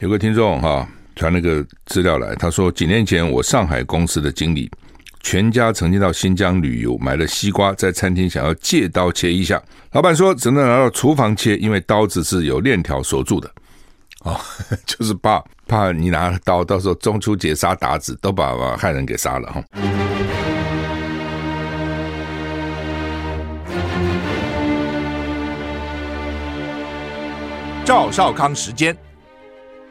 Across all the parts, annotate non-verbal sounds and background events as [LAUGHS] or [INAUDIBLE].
有個聽眾哈，傳了個資料來，他說幾年前我上海公司的經理全家曾經到新疆旅遊，買了西瓜在餐廳想要借刀切一下，老板說只能拿到廚房切，因為刀子是有鏈條鎖住的，啊、哦，就是怕怕你拿刀到時候中秋節殺韃子都把漢人給殺了哈。趙少康時間。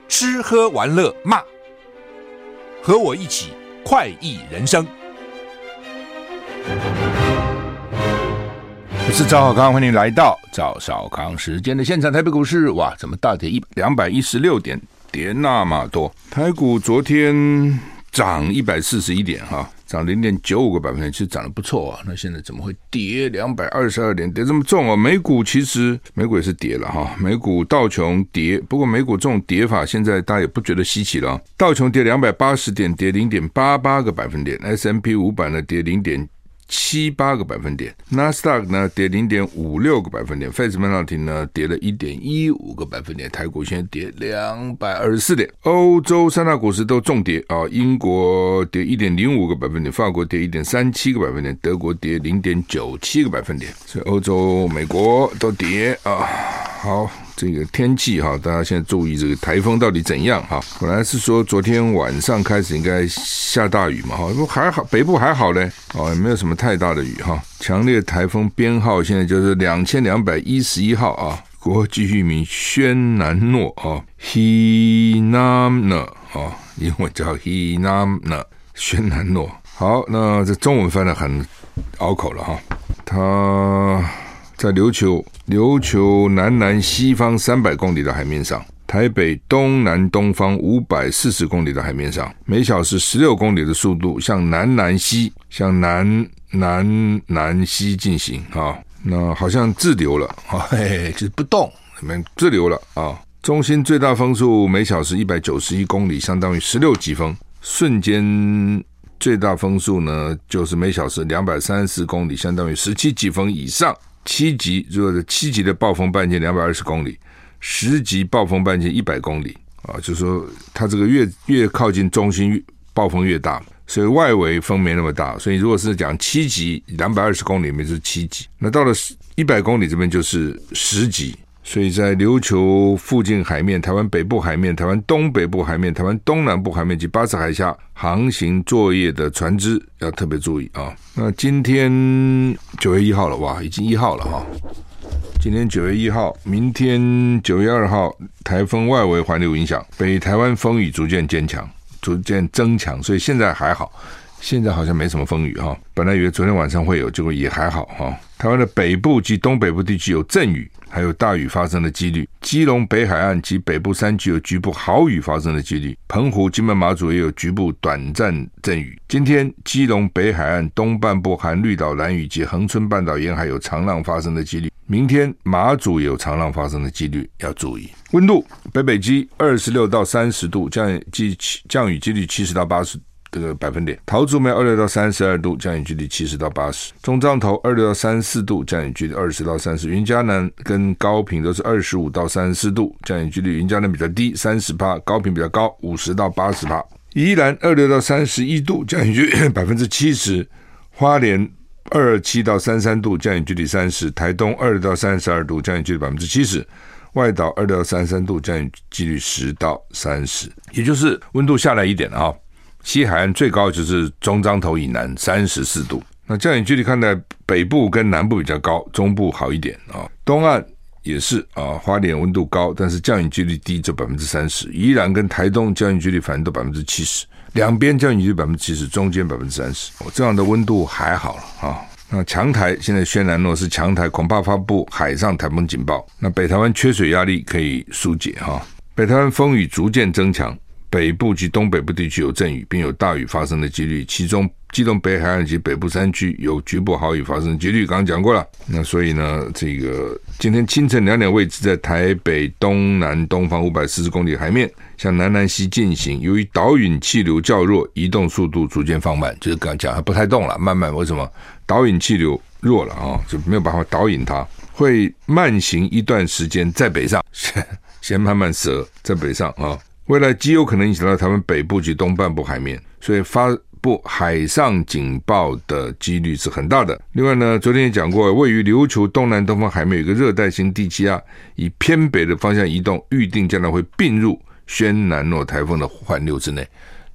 吃喝玩樂罵，和我一起快意人生。我是趙少康，歡迎來到趙少康時間的現場。台北股市哇，怎麼大跌一兩百一十六點跌那麼多？台股昨天漲一百四十一點哈。漲零點九五個百分點，其實漲得不錯啊。那現在怎麼會跌兩百二十二點，跌這麼重啊？美股其實美股也是跌了哈，美股道瓊跌，不過美股這種跌法現在大家也不覺得稀奇了，道瓊跌兩百八十點跌，跌零點八八個百分點，S&P 五百呢跌零點。七八個百分點，納斯達克呢跌零點五六個百分點，費城半導體呢跌了一點一五個百分點，台股先跌兩百二十四點，歐洲三大股市都重跌啊，英國跌一點零五個百分點，法國跌一點三七個百分點，德國跌零點九七個百分點，所以歐洲、美國都跌啊，好。這個天氣哈，大家現在注意這個台風到底怎樣哈？本來是說昨天晚上開始應該下大雨嘛哈，不過還好，北部還好嘞哦，也沒有什麼太大的雨哈。強烈台風編號現在就是兩千兩百一十一號啊，國際譯名軒南諾哈 Hinamna，英文叫 Hinamna 軒南諾。好，那這中文翻得很拗口了哈，它。在琉球，琉球南南西方三百公里的海面上，台北東南東方五百四十公里的海面上，每小時十六公里的速度向南南西，向南南南西進行啊、哦。那好像滯留了啊、哦嘿嘿，就是不動，沒滯留了啊、哦。中心最大風速每小時一百九十一公里，相當於十六級風；瞬間最大風速呢，就是每小時兩百三十公里，相當於十七級風以上。七級就是七級的暴風半徑兩百二十公里，十級暴風半徑一百公里啊，就是說它這個越越靠近中心，暴風越大，所以外圍風沒那麼大。所以如果是講七級兩百二十公里，裡面就是七級，那到了一百公里這邊就是十級。所以在琉球附近海面、台灣北部海面、台灣東北部海面、台灣東南部海面及巴士海峽航行作業的船隻要特別注意啊！那今天九月一號了，哇，已經一號了哈。今天九月一號，明天九月二號，颱風外圍環流影響，北台灣風雨逐漸增強，逐漸增強，所以現在還好。現在好像沒什麼風雨哈，本來以為昨天晚上會有，結果也還好哈。台灣的北部及東北部地區有陣雨，還有大雨發生的幾率；基隆北海岸及北部山區有局部豪雨發生的幾率；澎湖、金門、馬祖也有局部短暫陣雨。今天基隆北海岸東半部、含綠島、蘭嶼及恆春半島沿海有長浪發生的幾率。明天馬祖有長浪發生的幾率要注意。溫度北北基二十六到三十度，降雨機降雨幾率七十到八十，這個百分點，桃竹苗二六到三十二度，降雨幾率七十到八十；中彰投二六到三十四度，降雨幾率二十到三十；雲嘉南跟高屏都是二十五到三十四度，降雨幾率雲嘉南比較低，三十八；高屏比較高，五十到八十趴；宜蘭二六到三十一度，降雨率百分之七十；花蓮二七到三三度，降雨幾率三十；台東二六到三十二度，降雨幾率百分之七十；外島二六到三三度，降雨幾率十到三十。也就是溫度下來一點啊。西海岸最高就是中彰投以南三十四度，那降雨機率看來北部跟南部比較高，中部好一點啊、哦。東岸也是啊，花蓮溫度高，但是降雨幾率低30，只有百分之三十，宜蘭跟台東降雨幾率反正都百分之七十，兩邊降雨率百分之七十，中間百分之三十。這樣的溫度還好了啊、哦。那強台現在軒嵐諾是強台，恐怕發布海上颱風警報。那北台灣缺水壓力可以疏解哈、哦，北台灣風雨逐漸增強。北部及東北部地區有陣雨，並有大雨發生的幾率。其中，基隆北海岸及北部山區有局部豪雨發生的機率，剛剛講過了，那所以呢，這個今天清晨兩點位置在台北東南東方五百四十公里海面，向南南西進行。由於導引氣流較弱，移動速度逐漸放慢，就是剛，剛講，它不太動了，慢慢。為什麼導引氣流弱了啊、哦？就沒有辦法導引它，會慢行一段時間再北上，先先慢慢折再北上啊。哦未來極有可能影響到台灣北部及東半部海面，所以發布海上警報的幾率是很大的。另外呢，昨天也講過，位於琉球東南東方海面有一個熱帶性低氣壓，以偏北的方向移動，預定將來會並入軒嵐諾台風的環流之內。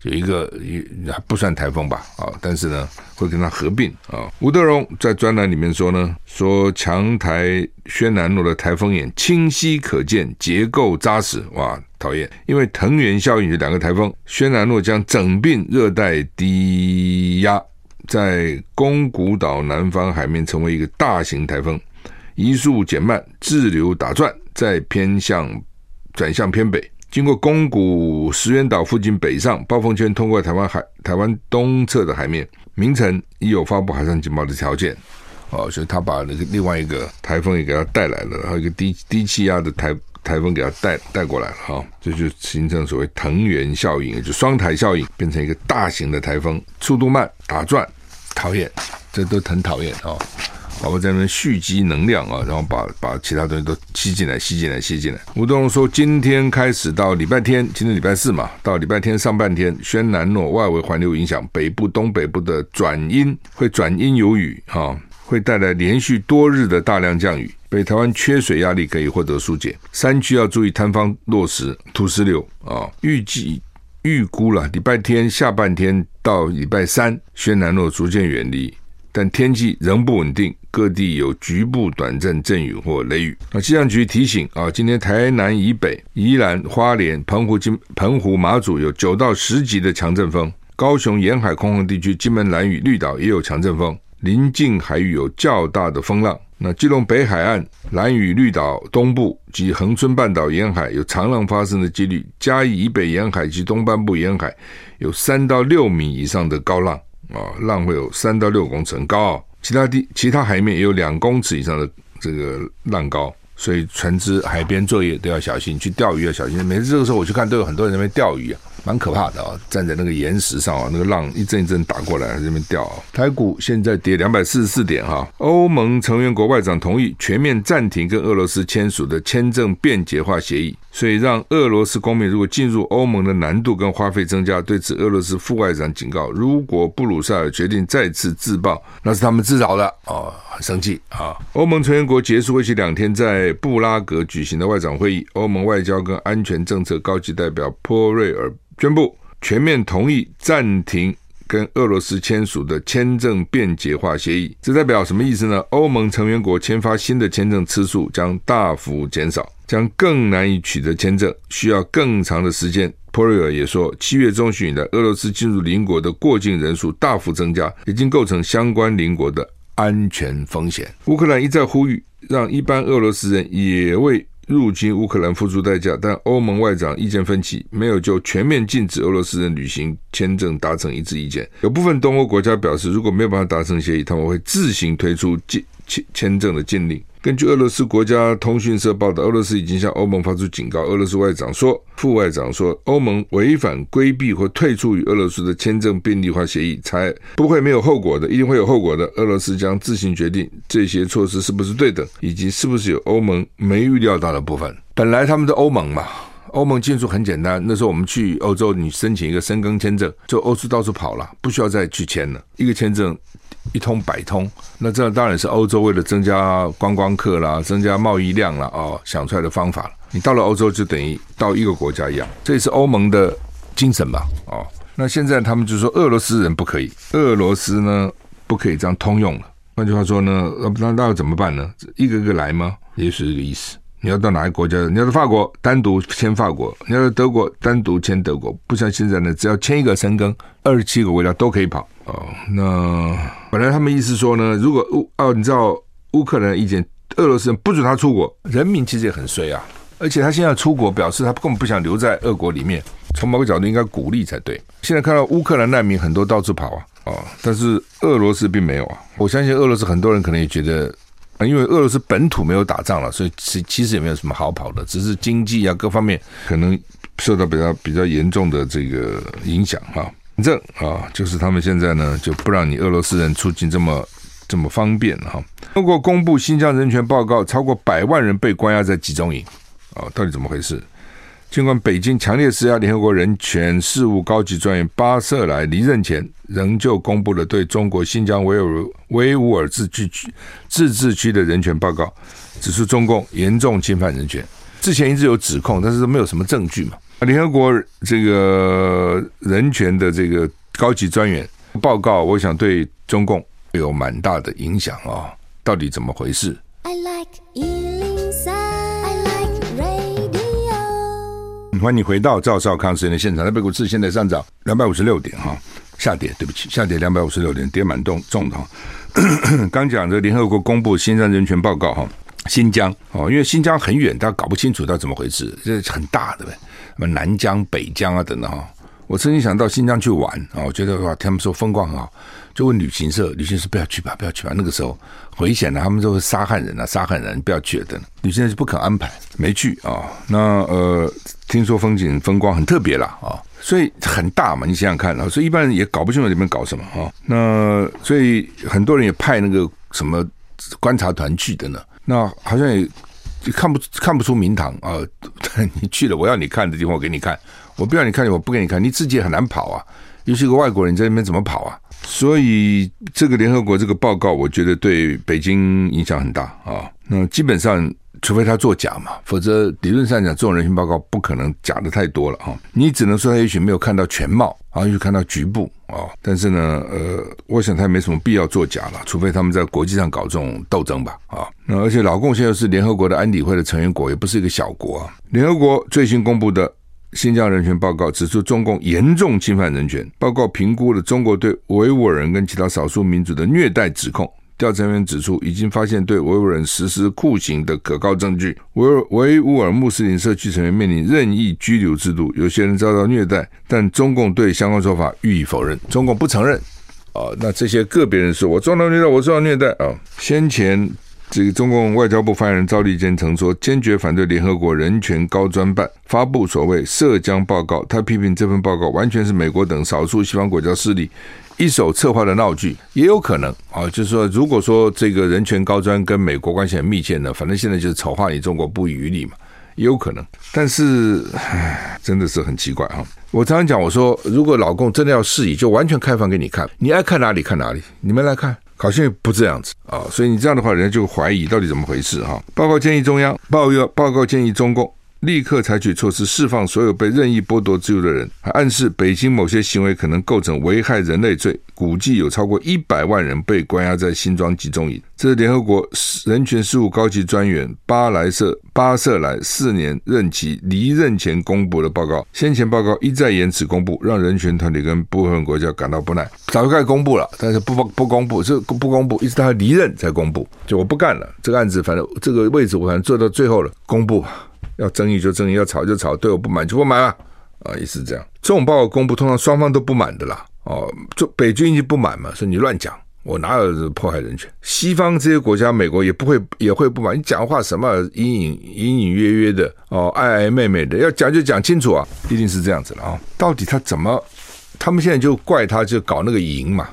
有一個也不算台風吧，啊，但是呢會跟它合併啊。吳德榮在專欄裡面說呢，說強台軒嵐諾的台風眼清晰可見，結構扎實，哇，討厭！因為藤原效應，就兩個台風，軒嵐諾將整併熱帶低壓，在宮古島南方海面成為一個大型台風，移速減慢，滯留打轉，再偏向轉向偏北。經過宮古、石垣島附近北上，暴風圈通過台灣海、台灣東側的海面，明晨已有發布海上警報的條件。哦，所以他把那個另外一個颱風也給他帶來了，然後一個低低氣壓的台颱風給他帶帶過來了。哈、哦，這就形成所謂藤原效應，也就是雙台效應，變成一個大型的颱風，速度慢、打轉，討厭，這都很討厭哦。寶寶在那邊蓄積能量啊，然後把把其他東西都吸進來，吸進來，吸進來。吳德榮說，今天開始到禮拜天，今天禮拜四嘛，到禮拜天上半天，軒嵐諾外圍環流影響，北部、東北部的轉陰會轉陰有雨、哦、會帶來連續多日的大量降雨，北台灣缺水壓力可以獲得疏解，山區要注意塌方、落石，土石流啊、哦。預計預估了禮拜天下半天到禮拜三，軒嵐諾逐漸遠離，但天氣仍不穩定。各地有局部短暫陣雨或雷雨。那氣象局提醒啊，今天台南以北、宜蘭、花蓮、澎湖金、澎湖馬祖有九到十級的強陣風，高雄沿海、空曠地區、金門、蘭嶼、綠島也有強陣風，臨近海域有較大的風浪。那基隆北海岸、蘭嶼綠島東部及恆春半島沿海有長浪發生的幾率，嘉義以北沿海及東半部沿海有三到六米以上的高浪啊，浪會有三到六公尺很高、哦。其他地、其他海面也有兩公尺以上的這個浪高，所以船隻、海邊作業都要小心。去釣魚要小心，每次這個時候我去看，都有很多人在那邊釣魚啊。蠻可怕的哦，站在那個岩石上啊、哦，那個浪一陣一陣打過來，這邊掉、哦。台股現在跌兩百四十四點哈。歐盟成員國外長同意全面暫停跟俄羅斯簽署的簽證便捷化協議，所以讓俄羅斯公民如果進入歐盟的難度跟花費增加。對此，俄羅斯副外長警告：如果布魯塞爾決定再次自爆，那是他們自找的哦。很生氣啊。歐盟成員國結束為期兩天在布拉格舉行的外長會議，歐盟外交跟安全政策高級代表波瑞爾。宣布全面同意暫停跟俄羅斯簽署的簽證便捷化協議，這代表什麼意思呢？歐盟成員國簽發新的簽證次數將大幅減少，將更難以取得簽證，需要更長的時間。p o r i 也說，七月中旬以來，俄羅斯進入鄰國的過境人數大幅增加，已經構成相關鄰國的安全風險。烏克蘭一再呼籲，讓一般俄羅斯人也為。入侵烏克蘭付出代價，但歐盟外長意見分歧，沒有就全面禁止俄羅斯人旅行簽證達成一致意見。有部分東歐國家表示，如果沒有辦法達成協議，他們會自行推出禁簽簽證的禁令。根據俄羅斯國家通訊社報道，俄羅斯已經向歐盟發出警告。俄羅斯外長說，副外長說，歐盟違反規避或退出與俄羅斯的簽證便利化協議，才不會沒有後果的，一定會有後果的。俄羅斯將自行決定這些措施是不是對等，以及是不是有歐盟沒預料到的部分。本來他們的歐盟嘛，歐盟進出很簡單。那時候我們去歐洲，你申請一個申根簽證，就歐洲到處跑了，不需要再去簽了一個簽證。一通百通，那這當然是歐洲為了增加觀光客啦，增加貿易量啦，哦，想出來的方法。你到了歐洲就等於到一個國家一樣，這也是歐盟的精神吧？哦，那現在他們就說俄羅斯人不可以，俄羅斯呢不可以這樣通用了。換句話說呢，那那，那要怎麼辦呢？一個一個來嗎？也許這個意思。你要到哪個國家？你要到法國單獨簽法國，你要到德國單獨簽德國，不像現在呢，只要簽一個申根，二十七個國家都可以跑哦。那本來他們意思說呢，如果烏哦，你知道烏克蘭的意見，俄羅斯人不准他出國，人民其實也很衰啊。而且他現在出國，表示他根本不想留在俄國裡面。從某個角度應該鼓勵才對。現在看到烏克蘭難民很多到處跑啊，啊、哦，但是俄羅斯並沒有啊。我相信俄羅斯很多人可能也覺得，啊、因為俄羅斯本土沒有打仗了，啊，所以其其實也沒有什麼好跑的，只是經濟啊各方面可能受到比較比較嚴重的這個影響哈，啊。反正啊、哦，就是他們現在呢，就不讓你俄羅斯人出境這麼這麼方便哈。中國公布新疆人權報告，超過百萬人被關押在集中營啊、哦，到底怎麼回事？儘管北京強烈施壓，聯合國人權事務高級專員巴瑟萊離任前，仍舊公布了對中國新疆維吾爾維吾爾自治區自治區的人權報告，指出中共嚴重侵犯人權。之前一直有指控，但是都沒有什麼證據嘛。聯合國這個人權的這個高級專員報告，我想對中共有蠻大的影響哦，到底怎麼回事？I like radio。歡迎你回到趙少康時間的現場。那北股市現在上漲兩百五十六點哈，下跌對不起，下跌兩百五十六點，跌蠻重重的哈。 [COUGHS] 剛講的聯合國公布新疆人權報告哈，新疆哦，因為新疆很遠，大家搞不清楚他怎麼回事，這是很大的。南疆、北疆啊等等哈，哦，我曾經想到新疆去玩啊，哦，我覺得哇，他們說風光很好，就問旅行社，旅行社不要去吧，不要去吧。那個時候危險了，他們說殺漢人啊，殺漢人，不要去的。旅行社是不肯安排，沒去啊，哦。那呃，聽說風景風光很特別啦。啊，所以很大嘛，你想想看啊，哦，所以一般人也搞不清楚裡面搞什麼哈，哦。那所以很多人也派那個什麼觀察團去的呢，那好像也。就看不看不出名堂啊，呃，你去了，我要你看的地方我給你看，我不要你看，我不給你看，你自己也很難跑啊。尤其一個外國人，在那邊怎麼跑啊？所以這個聯合國這個報告，我覺得對北京影響很大啊、哦。那基本上，除非他作假嘛，否則理論上講，這種人權報告不可能假的太多了啊、哦。你只能說他也許沒有看到全貌，啊，也許看到局部啊、哦。但是呢，呃，我想他也沒什麼必要作假了，除非他們在國際上搞這種鬥爭吧，啊。那而且老共現在又是聯合國的安理會的成員國，也不是一個小國、啊。聯合國最新公布的。新疆人權報告指出，中共嚴重侵犯人權。報告評估了中國對維吾爾人跟其他少數民族的虐待指控。調查員指出，已經發現對維吾爾人實施酷刑的可靠證據。維吾爾維吾爾穆斯林社區成員面臨任意拘留制度，有些人遭到虐待，但中共對相關說法予以否認。中共不承認啊、哦，那這些個別人說，我遭到虐待，我遭到虐待啊、哦，先前。這個中共外交部發言人趙立堅曾說，堅決反對聯合國人權高專辦發布所謂涉疆報告。他批評這份報告完全是美國等少數西方國家勢力一手策劃的鬧劇。也有可能啊，就是說，如果說這個人權高專跟美國關係很密切呢，反正現在就是醜化你中國不遺餘力嘛，也有可能。但是，哎，真的是很奇怪啊！我常常講，我說如果老共真的要釋疑，就完全開放給你看，你愛看哪裡看哪裡，你們來看。好像不這樣子啊、哦，所以你這樣的話，人家就懷疑到底怎麼回事哈？報告建議中央，報報告建議中共。立刻採取措施釋放所有被任意剝奪自由的人，還暗示北京某些行為可能構成危害人類罪。估計有超過一百萬人被關押在新疆集中營。這是聯合國人權事務高級專員巴萊瑟巴舍萊四年任期離任前公布的報告。先前報告一再延遲公布，讓人權團體跟部分國家感到不耐。早該公布了，但是不不公布，這不公布，一直到他離任才公布。就我不幹了，這個案子反正這個位置我反正做到最後了，公布。要爭議就爭議，要吵就吵，對我不滿就不滿了，啊，也是這樣。這種報告公布，通常雙方都不滿的啦。哦，就北京就不滿嘛，說你亂講，我哪有迫害人權？西方這些國家，美國也不會也會不滿，你講話什麼、啊、隱隱隱隱約約的，哦，曖曖昧昧的，要講就講清楚啊，一定是這樣子了啊、哦。到底他怎麼？他們現在就怪他，就搞那個營嘛，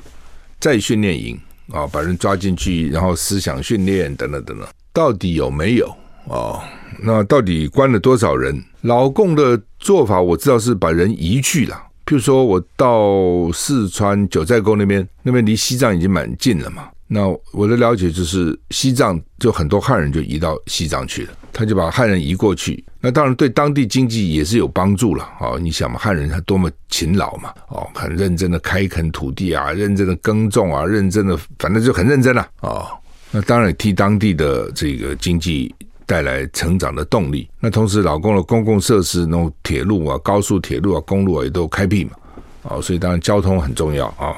在訓練營啊、哦，把人抓進去，然後思想訓練等等等等，到底有沒有？哦，那到底關了多少人？老共的做法我知道是把人移去了。譬如說我到四川九寨溝那邊，那邊離西藏已經蠻近了嘛。那我的了解就是，西藏就很多漢人就移到西藏去了。他就把漢人移過去，那當然對當地經濟也是有幫助了。哦，你想嘛，漢人他多麼勤勞嘛，哦，很認真的開墾土地啊，認真的耕種啊，認真的，反正就很認真了啊。哦，那當然替當地的這個經濟。帶來成長的動力。那同時，老公的公共設施，那種鐵路啊、高速鐵路啊、公路啊，也都開闢嘛。啊，所以當然交通很重要啊，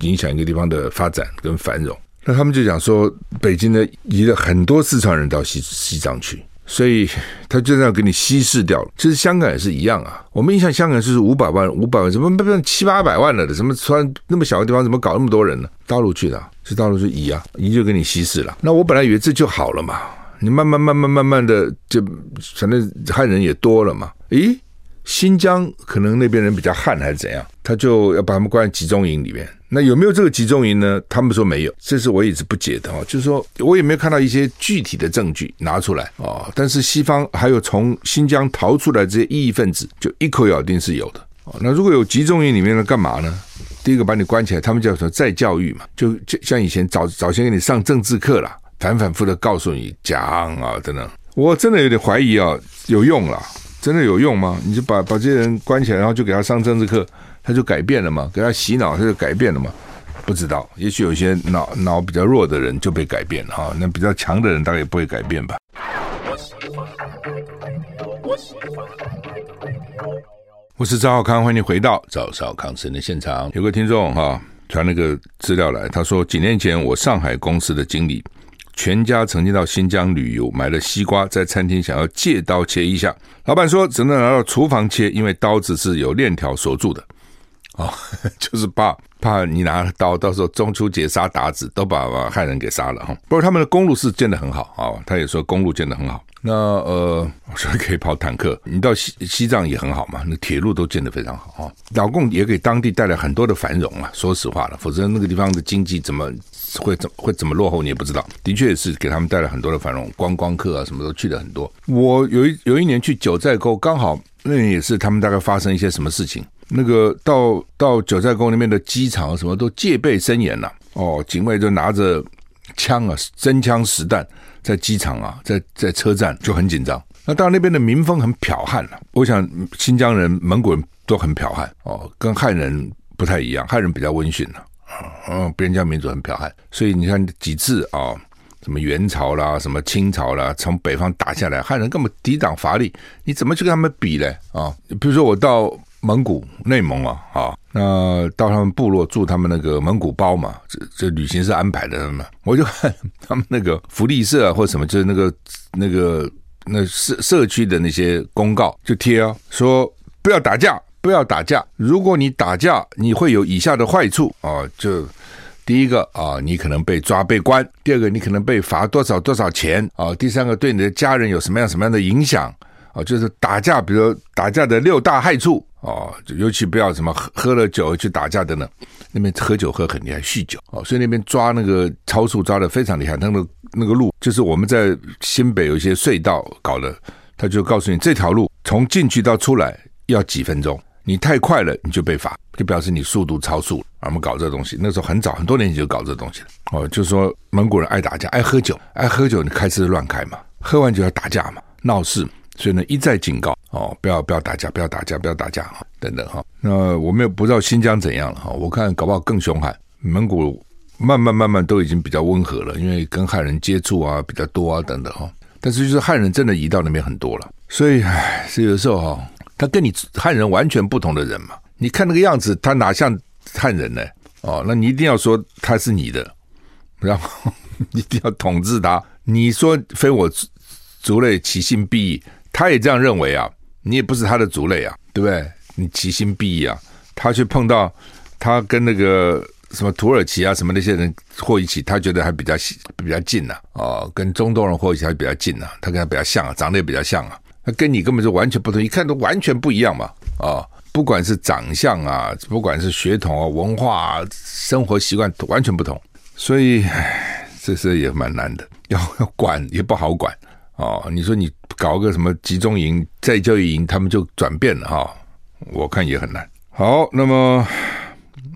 影響一個地方的發展跟繁榮。那他們就講說，北京呢移了很多四川人到西西藏去，所以他就這樣給你稀釋掉了。其實香港也是一樣啊，我們印象香港就是五百萬，五百萬怎麼變成七八百萬了的？怎麼突然那麼小的地方，怎麼搞那麼多人呢？大陸去的，是大陸去移啊，移就給你稀釋了。那我本來以為這就好了嘛。你慢慢慢慢慢慢的，就反正漢人也多了嘛。咦，新疆可能那邊人比較漢還是怎樣？他就要把他們關在集中營裡面。那有沒有這個集中營呢？他們說沒有，這是我一直不解的哦。就是說我也沒有看到一些具體的證據拿出來哦，但是西方還有從新疆逃出來這些異議分子，就一口咬定是有的哦，那如果有集中營裡面呢，幹嘛呢？第一個把你關起來，他們叫什麼再教育嘛？就就像以前早早先給你上政治課啦。反反復的告訴你講啊，真的，我真的有點懷疑啊，有用啦，真的有用嗎？你就把把這些人關起來，然後就給他上政治課，他就改變了嘛？給他洗腦他就改變了嘛？不知道，也許有些腦腦比較弱的人就被改變了哈，那比較強的人大概也不會改變吧。我是趙少康，歡迎你回到趙少康生的現場。有個聽眾哈傳了個資料來，他說幾年前我上海公司的經理，全家曾經到新疆旅遊，買了西瓜，在餐廳想要借刀切一下，老板說只能拿到廚房切，因為刀子是有鏈條鎖住的哦，就是怕怕你拿刀，到時候中秋節殺韃子都把漢人給殺了哈。不過他們的公路是建得很好啊，哦，他也說公路建得很好。那呃，所以可以跑坦克。你到西西藏也很好嘛，那鐵路都建得非常好啊。老共也給當地帶來很多的繁榮啊，說實話了，否則那個地方的經濟怎麼？會怎會怎麼落後你也不知道，的確也是給他們帶來很多的繁榮，觀光客啊，什麼都去了很多。我有一有一年去九寨溝，剛好那年也是他們大概發生一些什麼事情。那個到到九寨溝那邊的機場啊，什麼都戒備森嚴吶，哦，警衛就拿着槍啊，真槍實彈在機場啊，在在車站就很緊張。那當然那邊的民風很剽悍了，我想新疆人、蒙古人都很剽悍哦，跟漢人不太一樣，漢人比較溫馴了。嗯，邊疆民族很剽悍，所以你看幾次啊、哦，什麼元朝啦，什麼清朝啦，從北方打下來，漢人根本抵擋乏力，你怎麼去跟他們比嘞？啊、哦，比如說我到蒙古內蒙啊，啊、哦，那到他們部落住他們那個蒙古包嘛，這這旅行社安排的嘛，我就看他們那個福利社啊或什麼，就是那個那個那社社區的那些公告就貼啊、哦，說不要打架。不要打架。如果你打架，你會有以下的壞處啊，就第一個啊，你可能被抓被關；第二個，你可能被罰多少多少錢啊；第三個，對你的家人有什麼樣什麼樣的影響啊？就是打架，比如打架的六大害處啊，尤其不要什麼喝，喝了酒去打架的呢。那邊喝酒喝很厲害，酗酒啊，所以那邊抓那個超速抓的非常的厲害。那個那個路就是我們在新北有一些隧道搞的，他就告訴你這條路從進去到出來要幾分鐘。你太快了，你就被罰，就表示你速度超速。啊，我們搞這東西，那時候很早，很多年前就搞這東西了。哦，就是說蒙古人愛打架，愛喝酒，愛喝酒，你開車亂開嘛，喝完酒要打架嘛，鬧事，所以呢一再警告哦，不要不要打架，不要打架，不要打架，等等哈、哦。那我們也不知道新疆怎樣了哈、哦，我看搞不好更凶悍。蒙古慢慢慢慢都已經比較溫和了，因為跟漢人接觸啊比較多啊等等哈、哦。但是就是漢人真的移到那邊很多了，所以唉，是有時候哈、哦。他跟你漢人完全不同的人嘛。你看那個樣子，他哪像漢人呢？哦，那你一定要說他是你的，然後 [LAUGHS] 一定要統治他。你說非我族類，其心必異。他也這樣認為啊，你也不是他的族類啊，對不對？你其心必異啊。他去碰到他跟那個什麼土耳其啊什麼那些人混一起，他覺得還比較比較近吶、啊。哦，跟中東人混一起還比較近吶、啊。他跟他比較像，啊，長得也比較像啊。跟你根本就完全不同，一看都完全不一樣嘛！啊、哦，不管是長相啊，不管是血統啊，文化、啊，生活習慣，完全不同。所以唉，這事也蠻難的，要要管也不好管哦，你說你搞個什麼集中營、再教育營，他們就轉變了哈、哦？我看也很難。好，那麼，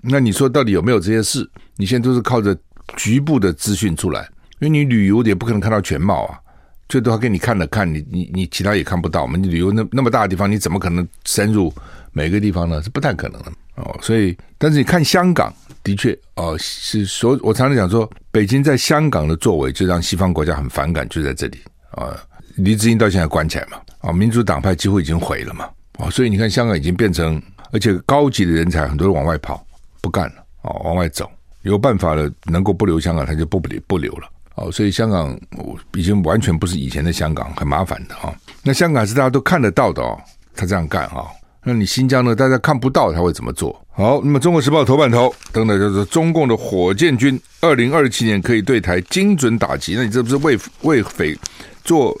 那你說到底有沒有這些事？你現在都是靠着局部的資訊出來，因為你旅遊也不可能看到全貌啊。最多給你看了看，你你你其他也看不到嘛。你旅遊那那麼大的地方，你怎麼可能深入每個地方呢？是不太可能的哦。所以，但是你看香港，的確啊、哦，是所我常常講說，北京在香港的作為就讓西方國家很反感，就在這裡啊。黎智英到現在關起來嘛，啊、哦，民主黨派幾乎已經毀了嘛，啊、哦，所以你看香港已經變成，而且高級的人才很多人往外跑，不幹了哦，往外走，有辦法了，能夠不留香港，他就不不留了。哦，所以香港已經完全不是以前的香港，很麻煩的哈、哦。那香港是大家都看得到的哦，他這樣幹啊、哦。那你新疆呢？大家看不到他會怎麼做？好，那麼《中國時報》頭版頭登的就是中共的火箭軍，二零二七年可以對台精準打擊。那你這不是為為匪做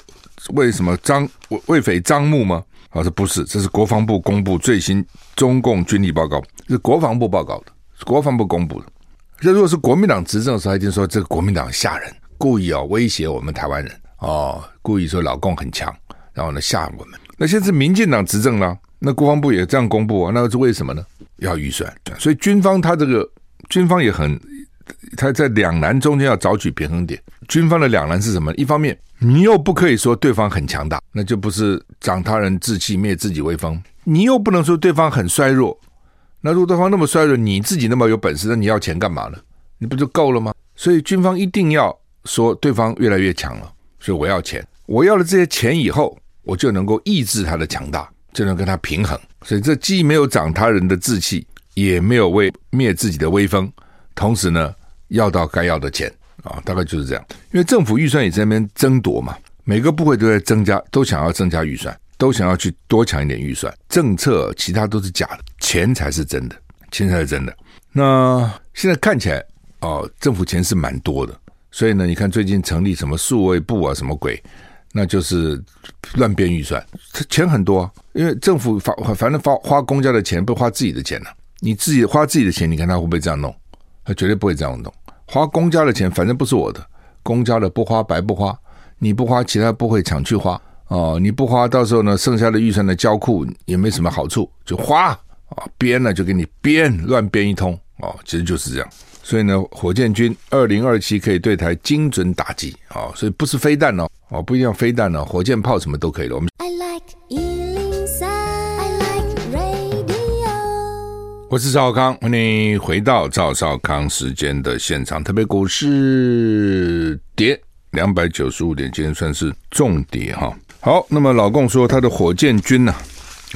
為什麼張為匪張目嗎？啊、哦，這不是，這是國防部公布最新中共軍力報告，是國防部報告的，是國防部公布的。這如果是國民黨執政的時候，他一定說這個、國民黨嚇人。故意啊、哦，威脅我們台灣人哦，故意說老共很強，然後呢嚇我們。那現在民進黨執政了、啊，那國防部也這樣公布、啊、那是為什麼呢？要預算，所以軍方他這個軍方也很，他在兩難中間要找取平衡點。軍方的兩難是什麼？一方面你又不可以說對方很強大，那就不是長他人志氣、滅自己威風；你又不能說對方很衰弱，那如果對方那麼衰弱，你自己那麼有本事，那你要錢幹嘛呢？你不就夠了嗎？所以軍方一定要。說對方越來越強了，所以我要錢。我要了這些錢以後，我就能夠抑制他的強大，就能跟他平衡。所以這既沒有長他人的志氣，也沒有為滅自己的威風。同時呢，要到該要的錢啊、哦，大概就是這樣。因為政府預算也在那邊爭奪嘛，每個部會都在增加，都想要增加預算，都想要去多搶一點預算。政策其他都是假的，錢才是真的，錢才是真的。那現在看起來哦，政府錢是蠻多的。所以呢，你看最近成立什麼數位部啊，什麼鬼，那就是亂編預算，錢很多啊，因為政府反反正發花公家的錢，不花自己的錢呢啊。你自己花自己的錢，你看他會不會這樣弄？他絕對不會這樣弄，花公家的錢，反正不是我的，公家的不花白不花，你不花，其他部會搶去花哦。你不花，到時候呢，剩下的預算呢交庫也沒什麼好處，就花啊，編呢就給你編亂編一通哦，其實就是這樣。所以呢，火箭軍二零二七可以對台精準打擊啊，所以不是飛彈哦，哦，不一定要飛彈哦，火箭炮什麼都可以了。我們，I Like Radio，我是趙少康，歡迎回到趙少康時間的現場。特別股市跌兩百九十五點，今天算是重跌哈。好，那麼老共說他的火箭軍呢、啊？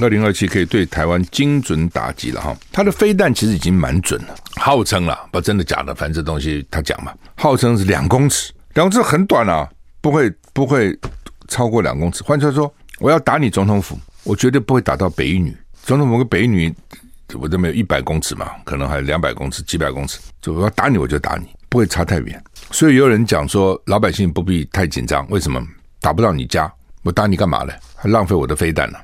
二零二七可以對台灣精準打擊了哈，他的飛彈其實已經蠻準了，號稱了，不真的假的，反正這東西他講嘛，號稱是兩公尺，兩公尺很短啊，不會不會超過兩公尺。換句話說，我要打你總統府，我絕對不會打到北一女。總統府跟北一女，我都沒有一百公尺嘛，可能還有兩百公尺、幾百公尺，我要打你我就打你，不會差太遠。所以有人講說，老百姓不必太緊張，為什麼？打不到你家，我打你幹嘛呢？還浪費我的飛彈呢？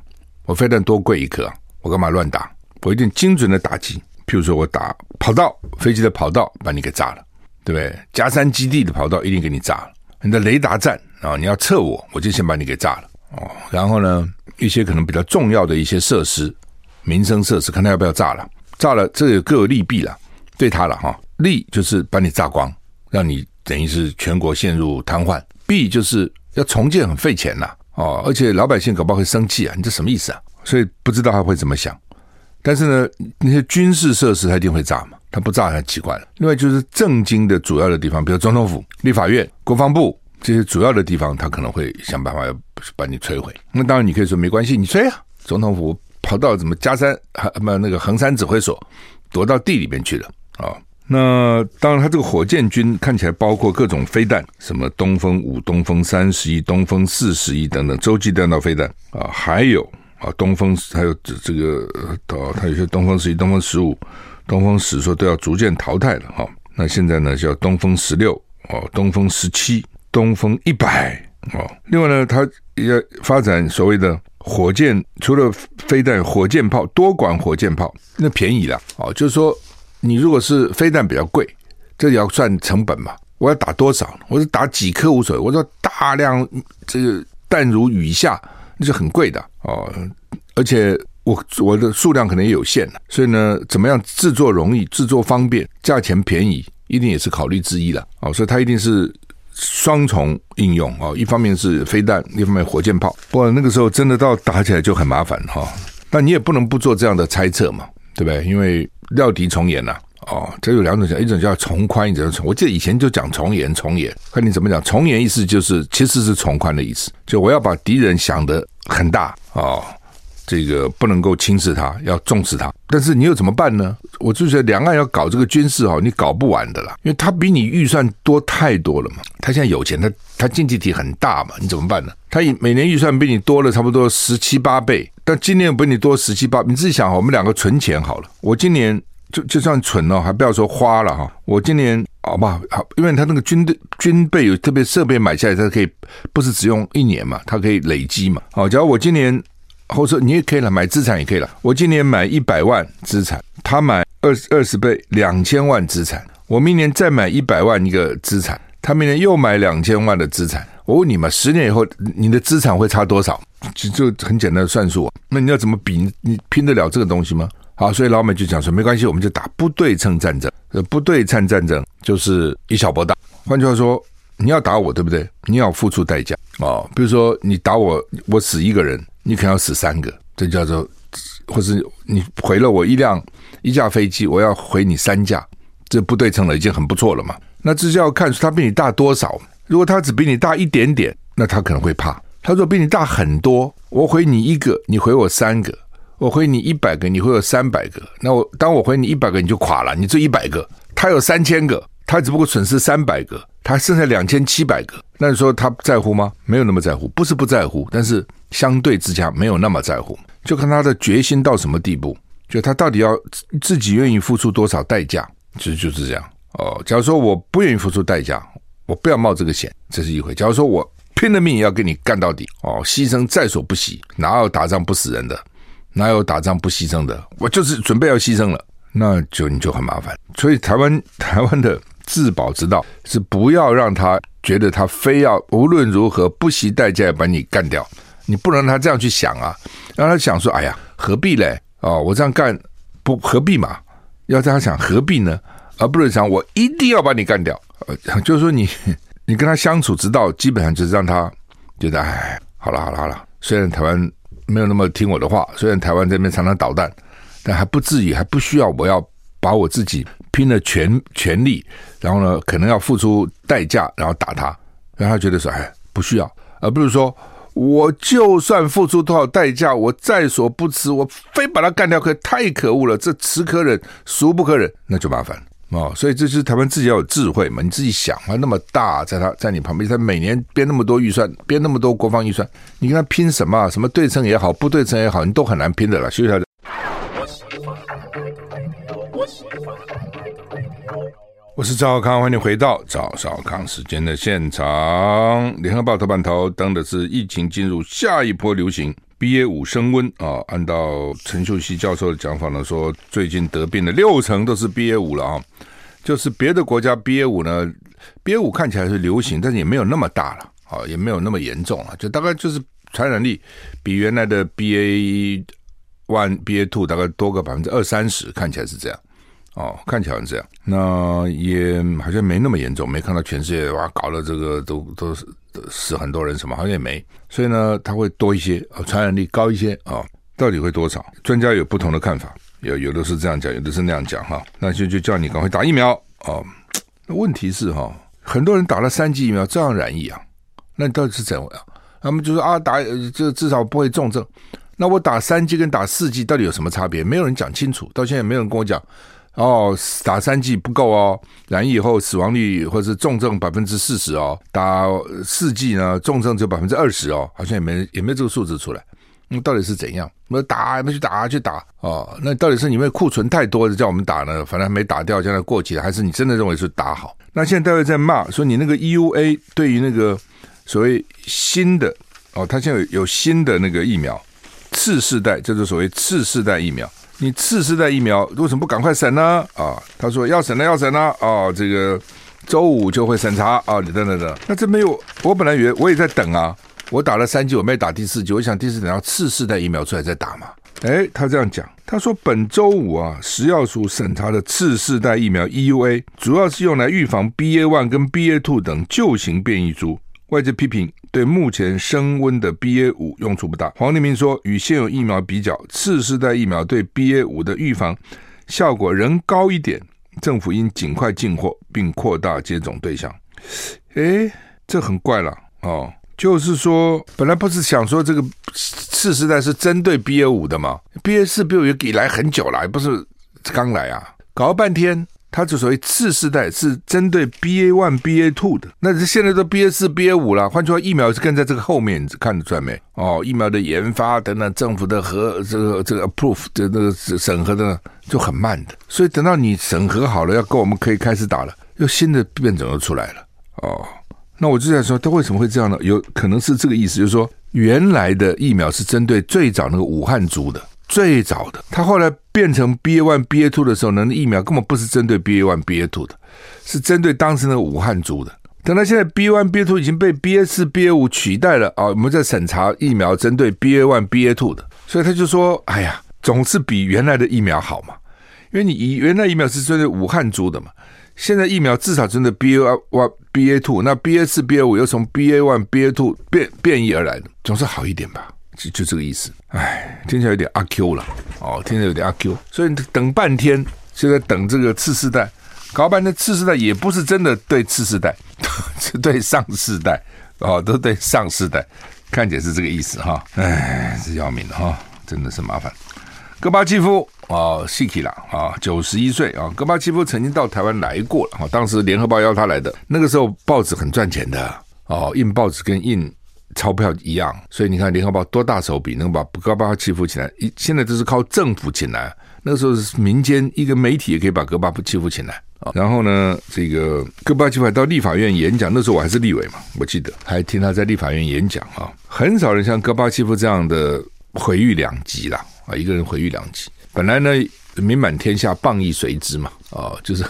我飛彈多貴一顆啊？我幹嘛亂打？我一定精準的打擊。譬如說我打跑道，飛機的跑道把你給炸了，對不對？佳山基地的跑道一定給你炸了。你的雷達站啊，你要測我，我就先把你給炸了哦。然後呢，一些可能比較重要的一些設施，民生設施，看他要不要炸了。炸了，這有各有利弊了。對他了哈，利就是把你炸光，讓你等於是全國陷入癱瘓；弊就是要重建很費錢吶。哦，而且老百姓搞不好會生氣啊！你這什麼意思啊？所以不知道他會怎麼想。但是呢，那些軍事設施他一定會炸嘛，他不炸才奇怪了。另外就是政經的主要的地方，比如總統府、立法院、國防部這些主要的地方，他可能會想辦法要把你摧毀。那當然，你可以說沒關係，你摧啊！總統府跑到什麼加山、什麼那個衡山指揮所，躲到地裡面去了啊。哦那當然，他這個火箭軍看起來包括各種飛彈，什麼東風五、東風三十一、東風四十一等等洲際彈道飛彈啊，還有啊，東風還有這個啊，它有些東風十一、東風十五、東風十說都要逐漸淘汰了哈。那現在呢，叫東風十六啊，東風十七、東風一百啊。另外呢，它要發展所謂的火箭，除了飛彈，火箭炮、多管火箭炮，那便宜了哦，就是說。你如果是飛彈比較貴，這也要算成本嘛？我要打多少？我是打幾顆無所謂。我說大量這個彈如雨下，那是很貴的哦。而且我我的數量可能也有限，所以呢，怎麼樣制作容易、制作方便、價錢便宜，一定也是考慮之一了哦。所以它一定是雙重應用哦。一方面是飛彈，另一方面是火箭炮。不過那個時候真的到打起來就很麻煩哈。那、哦、你也不能不做這樣的猜測嘛。對不對？因為料敵從嚴吶，哦，這有兩種講，一種叫從寬，一種從。我記得以前就講從嚴，從嚴。看你怎麼講，從嚴意思就是，其實是從寬的意思，就我要把敵人想得很大，哦。這個不能夠輕視它，要重視它。但是你又怎麼辦呢？我就覺得兩岸要搞這個軍事哦，你搞不完的啦，因為他比你預算多太多了嘛。他現在有錢，他他經濟體很大嘛，你怎麼辦呢？他以每年預算比你多了差不多十七八倍，但今年比你多十七八。你自己想哈，我們兩個存錢好了。我今年就就算存哦，還不要說花了哈。我今年好吧，好，因為他那個軍隊軍備有特別設備買下來，它可以不是只用一年嘛，它可以累積嘛。好，哦，假如我今年。或者說你也可以了，買資產也可以了。我今年買一百萬資產，他買二十二十倍兩千萬資產。我明年再買一百萬一個資產，他明年又買兩千萬的資產。我問你嘛，十年以後你的資產會差多少？就就很簡單的算術啊。那你要怎麼比？你拼得了這個東西嗎？好，所以老美就講說，沒關係，我們就打不對稱戰爭。不對稱戰爭就是以小博大。換句話說，你要打我，對不對？你要付出代價啊，哦。比如說，你打我，我死一個人。你可能要死三個，這叫做，或是你毀了我一輛一架飛機，我要毀你三架，這不對稱了，已經很不錯了嘛。那這就要看出他比你大多少。如果他只比你大一點點，那他可能會怕。他如果比你大很多，我毀你一個，你毀我三個，我毀你一百個，你毀我三百個。那我當我毀你一百個，你就垮了，你這一百個，他有三千個，他只不過損失三百個，他剩下兩千七百個。那你說他在乎嗎？沒有那麼在乎，不是不在乎，但是。相對之下，沒有那麼在乎，就看他的決心到什麼地步，就他到底要自己願意付出多少代價，就就是這樣哦。假如說我不願意付出代價，我不要冒這個險，這是一回；假如說我拼了命也要跟你幹到底，哦，犧牲在所不惜，哪有打仗不死人的，哪有打仗不犧牲的？我就是準備要犧牲了，那就你就很麻煩。所以台灣台灣的自保之道是不要讓他覺得他非要無論如何不惜代價把你幹掉。你不能讓他這樣去想啊，讓他想說：“哎呀，何必嘞？哦，我這樣幹不何必嘛？要這樣想何必呢？而不是想我一定要把你幹掉。”呃，就是說你你跟他相處之道，基本上就是讓他覺得：“哎，好了好了好了。”雖然台灣沒有那麼聽我的話，雖然台灣這邊常常搗蛋，但還不至於還不需要我要把我自己拼了全全力，然後呢，可能要付出代價，然後打他，讓他覺得說：“哎，不需要。”而不是說。我就算付出多少代價，我在所不辭，我非把它幹掉可！可太可惡了，這是可忍，孰不可忍？那就麻煩哦，所以這就是台灣自己要有智慧嘛，你自己想，嘛，那麼大，在他在你旁邊，他每年編那麼多預算，編那麼多國防預算，你跟他拼什麼？什麼對稱也好，不對稱也好，你都很難拼的了。學謝的。我是趙少康，歡迎回到趙少康時間的現場。聯合報頭版頭登的是疫情進入下一波流行，BA 五升溫啊、哦。按照陳秀熙教授的講法呢，說最近得病的六成都是 BA 五了啊。就是別的國家 BA 五呢，BA 五看起來是流行，但是也沒有那麼大了啊，也沒有那麼嚴重了，就大概就是傳染力比原來的 BA one、BA two 大概多個百分之二三十，看起來是這樣。哦，看起來是這樣，那也好像沒那麼嚴重，沒看到全世界哇搞了這個都都，都死很多人什麼好像也沒，所以呢，它會多一些，傳染力高一些啊、哦。到底會多少？專家有不同的看法，有有的是這樣講，有的是那樣講哈、哦。那就就叫你趕快打疫苗啊、哦。問題是哈、哦，很多人打了三劑疫苗照樣染疫啊，那你到底是怎麼樣？他們就說啊，打這至少不會重症。那我打三劑跟打四劑到底有什麼差別？沒有人講清楚，到現在也沒有人跟我講。哦，打三劑不夠哦，染疫以後死亡率或者是重症百分之四十哦，打四劑呢，重症只有百分之二十哦，好像也沒也沒這個數字出來，那、嗯、到底是怎樣？沒打，沒去打，去打哦，那到底是你因為庫存太多的叫我們打呢，反正還沒打掉，將來過期了，還是你真的認為是打好？那現在大家在罵說你那個 EUA 對於那個所謂新的哦，它現在有有新的那個疫苗次世代，這就是所謂次世代疫苗。你次世代疫苗為什麼不趕快審呢？啊、哦，他說要審了，要審了啊、哦！這個周五就會審查啊、哦，你等等等，那這沒有，我本來以為我也在等啊，我打了三劑，我沒打第四劑，我想第四等要次世代疫苗出來再打嘛。哎，他這樣講，他說本周五啊，食藥署審查的次世代疫苗 EUA 主要是用來預防 BA one 跟 BA two 等舊型變異株。外界批評對目前升溫的 BA 五用處不大。黃立民說，與現有疫苗比較，次世代疫苗對 BA 五的預防效果仍高一點，政府應盡快進貨並擴大接種對象。哎，這很怪了哦，就是說，本來不是想說這個次世代是針對 BA 五的嗎？BA 四不也給來很久了，不是剛來啊？搞了半天。它就所謂次世代是針對 BA one BA two 的，那現在都 BA 四 BA 五了。換句話，疫苗是跟在這個後面你看得出來沒？哦，疫苗的研發等等，政府的和這個這個 approve 的那、這個審核的呢就很慢的。所以等到你審核好了，要跟我們可以開始打了，又新的變種又出來了。哦，那我就在說，它為什麼會這樣呢？有可能是這個意思，就是說原來的疫苗是針對最早那個武漢株的。最早的，他後來變成 B A one B A two 的時候，那疫苗根本不是針對 B A one B A two 的，是針對當時那個武漢株的。等到現在 B A one B A two 已經被 B A four B A five 取代了啊、哦，我們在審查疫苗針對 B A one B A two 的，所以他就說：“哎呀，總是比原來的疫苗好嘛，因為你原來疫苗是針對武漢株的嘛，現在疫苗至少針對 B A one B A two，那 B A four B A 五又從 B A one B A two 變變異而來的，總是好一點吧。”就就這個意思唉，哎，聽起來有點阿 Q 了，哦，聽起來有點阿 Q，所以等半天就在等這個次世代，搞半天次世代也不是真的對次世代，是對上世代，哦，都對上世代，看起來是這個意思哈，哎、哦，是要命了、哦，真的是麻煩。戈巴契夫啊，逝世了啊，九十一歲啊，戈、哦、巴契夫曾經到台灣來過，啊、哦，當時聯合報邀他來的，那個時候報紙很賺錢的，哦，印報紙跟印。鈔票一樣，所以你看，聯合報多大手筆，能把戈巴契夫請來。一現在都是靠政府請來，那時候是民間一個媒體也可以把戈巴契夫請來啊。然後呢，這個戈巴契夫到立法院演講，那時候我還是立委嘛，我記得還聽他在立法院演講啊。很少人像戈巴契夫這樣的毀譽兩極了啊，一個人毀譽兩極。本來呢。名滿天下，謗亦隨之嘛，哦，就是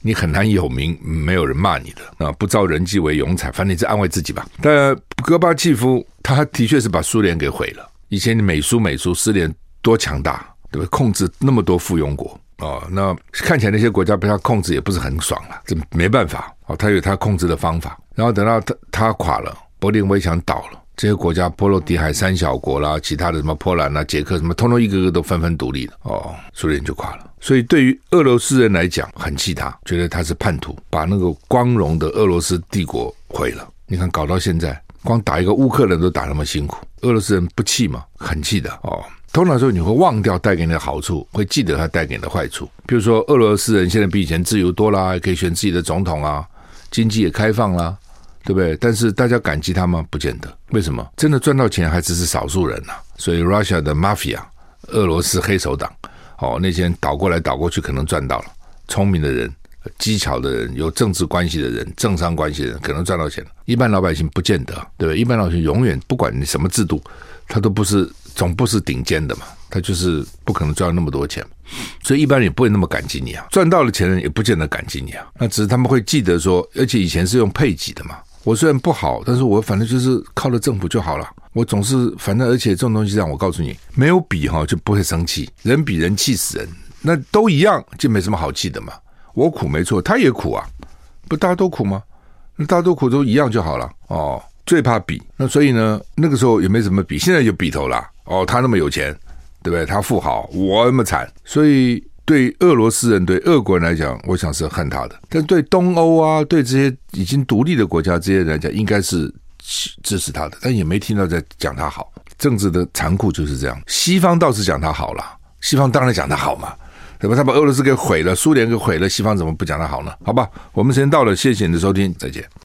你很難有名，沒有人罵你的。啊，不招人忌為庸才，反正你是安慰自己吧。但戈巴契夫，他的確是把蘇聯給毀了。以前你美蘇美蘇，蘇聯多強大，對吧？控制那麼多附庸國哦，那看起來那些國家被他控制也不是很爽了，啊，這沒辦法哦，他有他控制的方法。然後等到他他垮，垮了，柏林圍牆倒了。這些國家，波羅的海三小國啦，其他的什麼波蘭啦、啊，捷克什麼，通通一個個都紛紛獨立了。哦，蘇聯就垮了。所以對於俄羅斯人來講，很氣他，覺得他是叛徒，把那個光榮的俄羅斯帝國毀了。你看，搞到現在，光打一個烏克蘭都打那麼辛苦，俄羅斯人不氣嘛，很氣的哦。通常說你會忘掉帶給你的好處，會記得他帶給你的壞處。比如說，俄羅斯人現在比以前自由多啦，也可以選自己的總統啊，經濟也開放啦。對不對？但是大家感激他嗎？不見得。為什麼？真的賺到錢還只是少數人吶、啊。所以 Russia 的 mafia，俄羅斯黑手黨，哦，那些人倒過來倒過去，可能賺到了。聰明的人、技巧的人、有政治關係的人、政商關係的人，可能賺到錢。一般老百姓不見得，對吧對？一般老百姓永遠不管你什麼制度，他都不是總不是頂尖的嘛，他就是不可能賺到那麼多錢。所以一般人也不會那麼感激你啊。賺到了錢人也不見得感激你啊。那只是他們會記得說，而且以前是用配給的嘛。我雖然不好，但是我反正就是靠了政府就好了。我總是反正，而且這種東西讓我告訴你，沒有比哈就不會生氣。人比人氣死人，那都一樣就沒什麼好氣的嘛。我苦沒錯，他也苦啊，不大家都苦嗎？那大家都苦都一樣就好了哦。最怕比，那所以呢，那個時候也沒什麼比，現在就比頭了哦。他那麼有錢，對不對？他富豪，我那麼慘，所以。對俄羅斯人、對俄國人來講，我想是恨他的；但對東歐啊、對這些已經獨立的國家這些人來講，應該是支持他的，但也沒聽到在講他好。政治的殘酷就是這樣。西方倒是講他好了，西方當然講他好嘛，對吧？他把俄羅斯給毀了，蘇聯給毀了，西方怎麼不講他好呢？好吧，我們時間到了，謝謝你的收聽，再見。